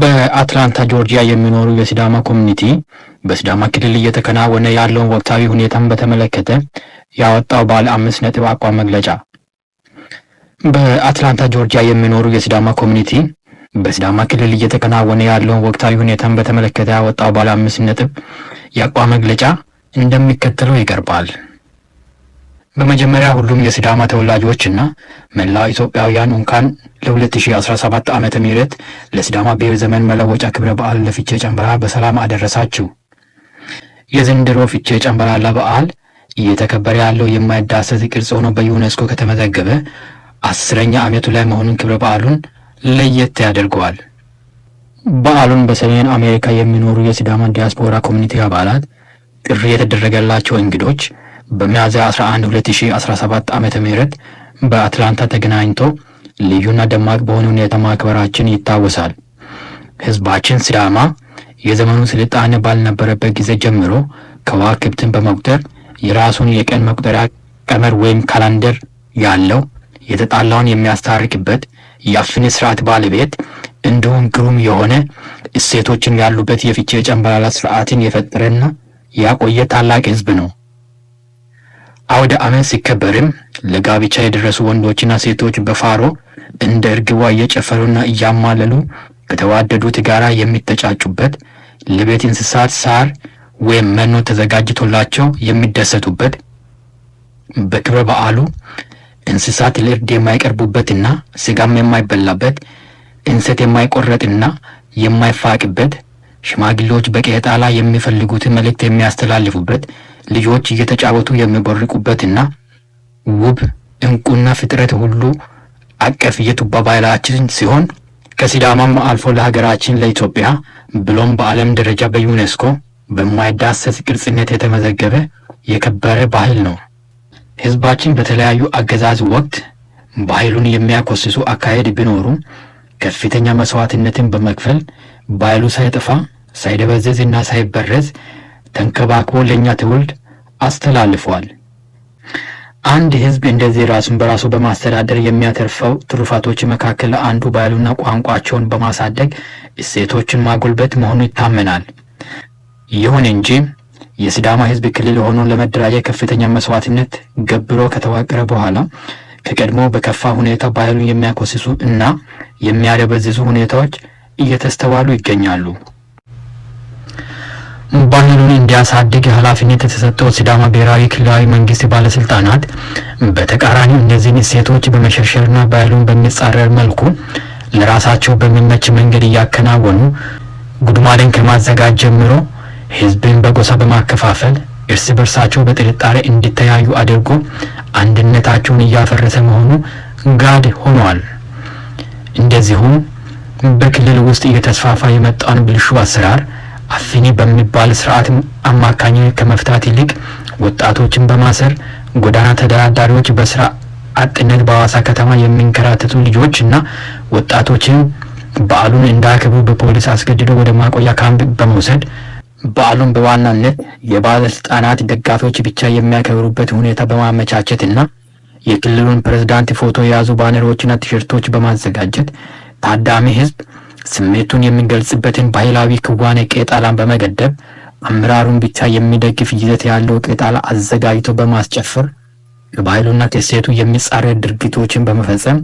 በአትላንታ ጆርጂያ የሚኖሩ የሲዳማ ኮሚኒቲ በሲዳማ ክልል እየተከናወነ ያለውን ወቅታዊ ሁኔታን በተመለከተ ያወጣው ባለ አምስት ነጥብ አቋም መግለጫ። በአትላንታ ጆርጂያ የሚኖሩ የሲዳማ ኮሚኒቲ በሲዳማ ክልል እየተከናወነ ያለውን ወቅታዊ ሁኔታን በተመለከተ ያወጣው ባለ አምስት ነጥብ የአቋም መግለጫ እንደሚከተለው ይቀርባል። በመጀመሪያ ሁሉም የሲዳማ ተወላጆች እና መላው ኢትዮጵያውያን እንኳን ለ2017 ዓመተ ምህረት ለሲዳማ ብሔር ዘመን መለወጫ ክብረ በዓል ለፍቼ ጨንበራ በሰላም አደረሳችሁ። የዘንድሮ ፍቼ ጨንበራ በዓል እየተከበረ ያለው የማይዳሰስ ቅርጽ ሆኖ በዩኔስኮ ከተመዘገበ አስረኛ ዓመቱ ላይ መሆኑን ክብረ በዓሉን ለየት ያደርገዋል። በዓሉን በሰሜን አሜሪካ የሚኖሩ የሲዳማ ዲያስፖራ ኮሚኒቲ አባላት ጥሪ የተደረገላቸው እንግዶች በሚያዝያ 11 2017 ዓመተ ምህረት በአትላንታ ተገናኝቶ ልዩና ደማቅ በሆነ ሁኔታ ማክበራችን ይታወሳል። ህዝባችን ሲዳማ የዘመኑ ስልጣኔ ባልነበረበት ጊዜ ጀምሮ ከዋክብትን በመቁጠር የራሱን የቀን መቁጠሪያ ቀመር ወይም ካላንደር ያለው የተጣላውን የሚያስታርቅበት የአፍኔ ስርዓት ባለቤት እንዲሁም ግሩም የሆነ እሴቶችን ያሉበት የፍቼ ጨንበላላ ስርዓትን የፈጠረና ያቆየ ታላቅ ህዝብ ነው። አውደ ዓመት ሲከበርም ለጋብቻ የደረሱ ወንዶችና ሴቶች በፋሮ እንደ እርግቧ እየጨፈሩና እያማለሉ ከተዋደዱት ጋራ የሚተጫጩበት ለቤት እንስሳት ሳር ወይም መኖ ተዘጋጅቶላቸው የሚደሰቱበት በክብረ በዓሉ እንስሳት ለእርድ የማይቀርቡበትና ስጋም የማይበላበት እንሰት የማይቆረጥና የማይፋቅበት ሽማግሌዎች በቄጣላ የሚፈልጉትን መልእክት የሚያስተላልፉበት ልጆች እየተጫወቱ የሚቦርቁበትና ውብ እንቁና ፍጥረት ሁሉ አቀፍ የቱባ ባህላችን ሲሆን ከሲዳማም አልፎ ለሀገራችን ለኢትዮጵያ ብሎም በዓለም ደረጃ በዩኔስኮ በማይዳሰስ ቅርጽነት የተመዘገበ የከበረ ባህል ነው። ህዝባችን በተለያዩ አገዛዝ ወቅት ባህሉን የሚያኮስሱ አካሄድ ቢኖሩ ከፍተኛ መስዋዕትነትን በመክፈል ባህሉ ሳይጠፋ ሳይደበዘዝ እና ሳይበረዝ ተንከባክቦ ለእኛ ትውልድ አስተላልፏል። አንድ ህዝብ እንደዚህ ራሱን በራሱ በማስተዳደር የሚያተርፈው ትሩፋቶች መካከል አንዱ ባህሉና ቋንቋቸውን በማሳደግ እሴቶችን ማጎልበት መሆኑ ይታመናል። ይሁን እንጂ የስዳማ ህዝብ ክልል ሆኖ ለመደራጀት ከፍተኛ መስዋዕትነት ገብሮ ከተዋቀረ በኋላ ከቀድሞ በከፋ ሁኔታ ባህሉን የሚያኮስሱ እና የሚያደበዝዙ ሁኔታዎች እየተስተዋሉ ይገኛሉ። ባህሉን እንዲያሳድግ ኃላፊነት የተሰጠው ሲዳማ ብሔራዊ ክልላዊ መንግስት ባለስልጣናት በተቃራኒው እነዚህን እሴቶች በመሸርሸርና ባህሉን በሚጻረር መልኩ ለራሳቸው በሚመች መንገድ እያከናወኑ ጉድማደን ከማዘጋጅ ጀምሮ ህዝብን በጎሳ በማከፋፈል እርስ በርሳቸው በጥርጣሬ እንዲተያዩ አድርጎ አንድነታቸውን እያፈረሰ መሆኑ ጋድ ሆኗል። እንደዚሁም በክልል ውስጥ እየተስፋፋ የመጣውን ብልሹ አሰራር አፊኒ በሚባል ስርዓት አማካኝ ከመፍታት ይልቅ ወጣቶችን በማሰር ጎዳና ተደራዳሪዎች፣ በስራ አጥነት በሐዋሳ ከተማ የሚንከራተቱ ልጆች እና ወጣቶችን በዓሉን እንዳያከብሩ በፖሊስ አስገድዶ ወደ ማቆያ ካምፕ በመውሰድ በዓሉን በዋናነት የባለስልጣናት ደጋፊዎች ብቻ የሚያከብሩበት ሁኔታ በማመቻቸት እና የክልሉን ፕሬዝዳንት ፎቶ የያዙ ባነሮችና ቲሸርቶች በማዘጋጀት ታዳሚ ህዝብ ስሜቱን የሚገልጽበትን ባህላዊ ክዋኔ ቄጣላን በመገደብ አመራሩን ብቻ የሚደግፍ ይዘት ያለው ቄጣላ አዘጋጅቶ በማስጨፈር ከባህሉና ከሴቱ የሚጻረር ድርጊቶችን በመፈጸም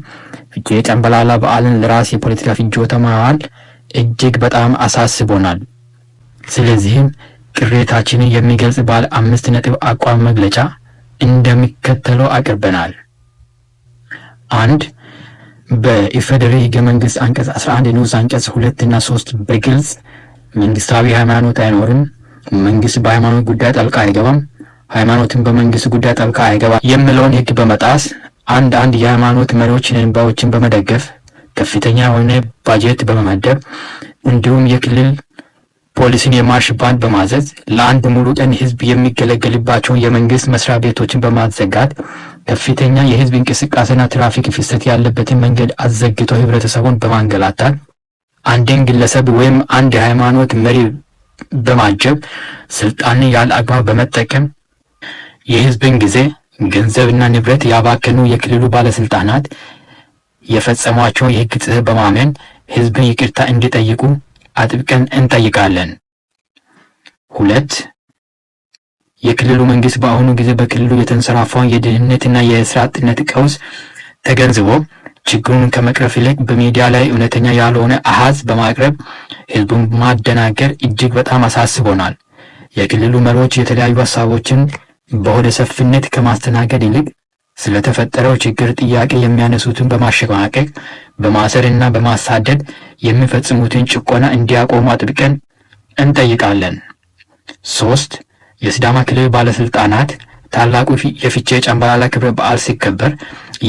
ፍቼ ጨምበላላ በዓልን ለራስ የፖለቲካ ፍጆታ ማዋል እጅግ በጣም አሳስቦናል። ስለዚህም ቅሬታችንን የሚገልጽ ባለ አምስት ነጥብ አቋም መግለጫ እንደሚከተለው አቅርበናል። አንድ በኢፌዴሪ ህገ መንግስት አንቀጽ 11 ንዑስ አንቀጽ ሁለት እና ሶስት በግልጽ መንግስታዊ ሃይማኖት አይኖርም፣ መንግስት በሃይማኖት ጉዳይ ጠልቃ አይገባም፣ ሃይማኖትን በመንግስት ጉዳይ ጠልቃ አይገባም የሚለውን ህግ በመጣስ አንድ አንድ የሃይማኖት መሪዎች እንባዎችን በመደገፍ ከፍተኛ የሆነ ባጀት በመመደብ እንዲሁም የክልል ፖሊሲን የማርሽ ባንድ በማዘዝ ለአንድ ሙሉ ቀን ህዝብ የሚገለገልባቸውን የመንግስት መስሪያ ቤቶችን በማዘጋት ከፍተኛ የህዝብ እንቅስቃሴና ትራፊክ ፍሰት ያለበትን መንገድ አዘግቶ ህብረተሰቡን በማንገላታት አንድን ግለሰብ ወይም አንድ ሃይማኖት መሪ በማጀብ ስልጣንን ያለ አግባብ በመጠቀም የህዝብን ጊዜ፣ ገንዘብና ንብረት ያባከኑ የክልሉ ባለስልጣናት የፈጸሟቸውን የህግ ጥሰት በማመን ህዝብን ይቅርታ እንዲጠይቁ አጥብቀን እንጠይቃለን። ሁለት የክልሉ መንግስት በአሁኑ ጊዜ በክልሉ የተንሰራፋውን የድህነትና የስራ አጥነት ቀውስ ተገንዝቦ ችግሩን ከመቅረፍ ይልቅ በሚዲያ ላይ እውነተኛ ያልሆነ አሃዝ በማቅረብ ህዝቡን ማደናገር እጅግ በጣም አሳስቦናል። የክልሉ መሪዎች የተለያዩ ሀሳቦችን በሆደ ሰፊነት ከማስተናገድ ይልቅ ስለተፈጠረው ችግር ጥያቄ የሚያነሱትን በማሸማቀቅ በማሰርና በማሳደድ የሚፈጽሙትን ጭቆና እንዲያቆሙ አጥብቀን እንጠይቃለን። ሶስት የስዳማ ክልል ባለስልጣናት ታላቁ የፍቼ ጨምባላላ ክብረ በዓል ሲከበር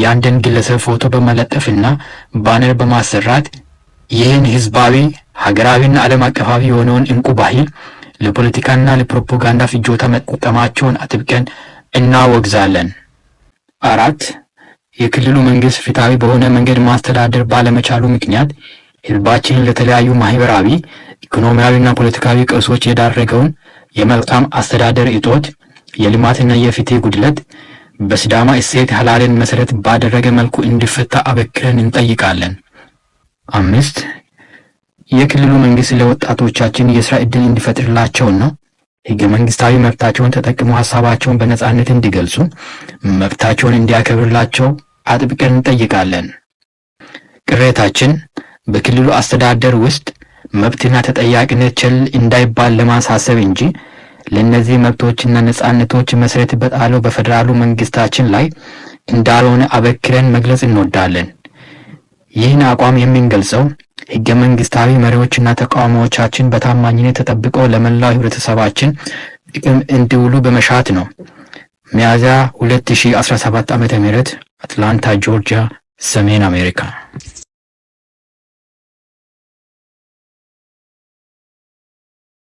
የአንድን ግለሰብ ፎቶ በመለጠፍና ባነር በማሰራት ይህን ህዝባዊ ሀገራዊና ዓለም አቀፋዊ የሆነውን እንቁ ባህል ለፖለቲካና ለፕሮፓጋንዳ ፍጆታ መጠቀማቸውን አጥብቀን እናወግዛለን። አራት የክልሉ መንግስት ፍትሐዊ በሆነ መንገድ ማስተዳደር ባለመቻሉ ምክንያት ህዝባችንን ለተለያዩ ማህበራዊ፣ ኢኮኖሚያዊና ፖለቲካዊ ቀውሶች የዳረገውን የመልካም አስተዳደር እጦት፣ የልማትና የፍትህ ጉድለት በስዳማ እሴት ሀላልን መሰረት ባደረገ መልኩ እንዲፈታ አበክረን እንጠይቃለን። አምስት የክልሉ መንግስት ለወጣቶቻችን የስራ እድል እንዲፈጥርላቸውና ህገ መንግስታዊ መብታቸውን ተጠቅሞ ሀሳባቸውን በነጻነት እንዲገልጹ መብታቸውን እንዲያከብርላቸው አጥብቀን እንጠይቃለን። ቅሬታችን በክልሉ አስተዳደር ውስጥ መብትና ተጠያቂነት ቸል እንዳይባል ለማሳሰብ እንጂ ለእነዚህ መብቶችና ነጻነቶች መሰረት በጣለው በፌዴራሉ መንግስታችን ላይ እንዳልሆነ አበክረን መግለጽ እንወዳለን። ይህን አቋም የምንገልጸው ህገ መንግስታዊ መሪዎችና ተቋሞቻችን በታማኝነት ተጠብቀው ለመላው ህብረተሰባችን ጥቅም እንዲውሉ በመሻት ነው። ሚያዝያ 2017 ም አትላንታ ጆርጂያ፣ ሰሜን አሜሪካ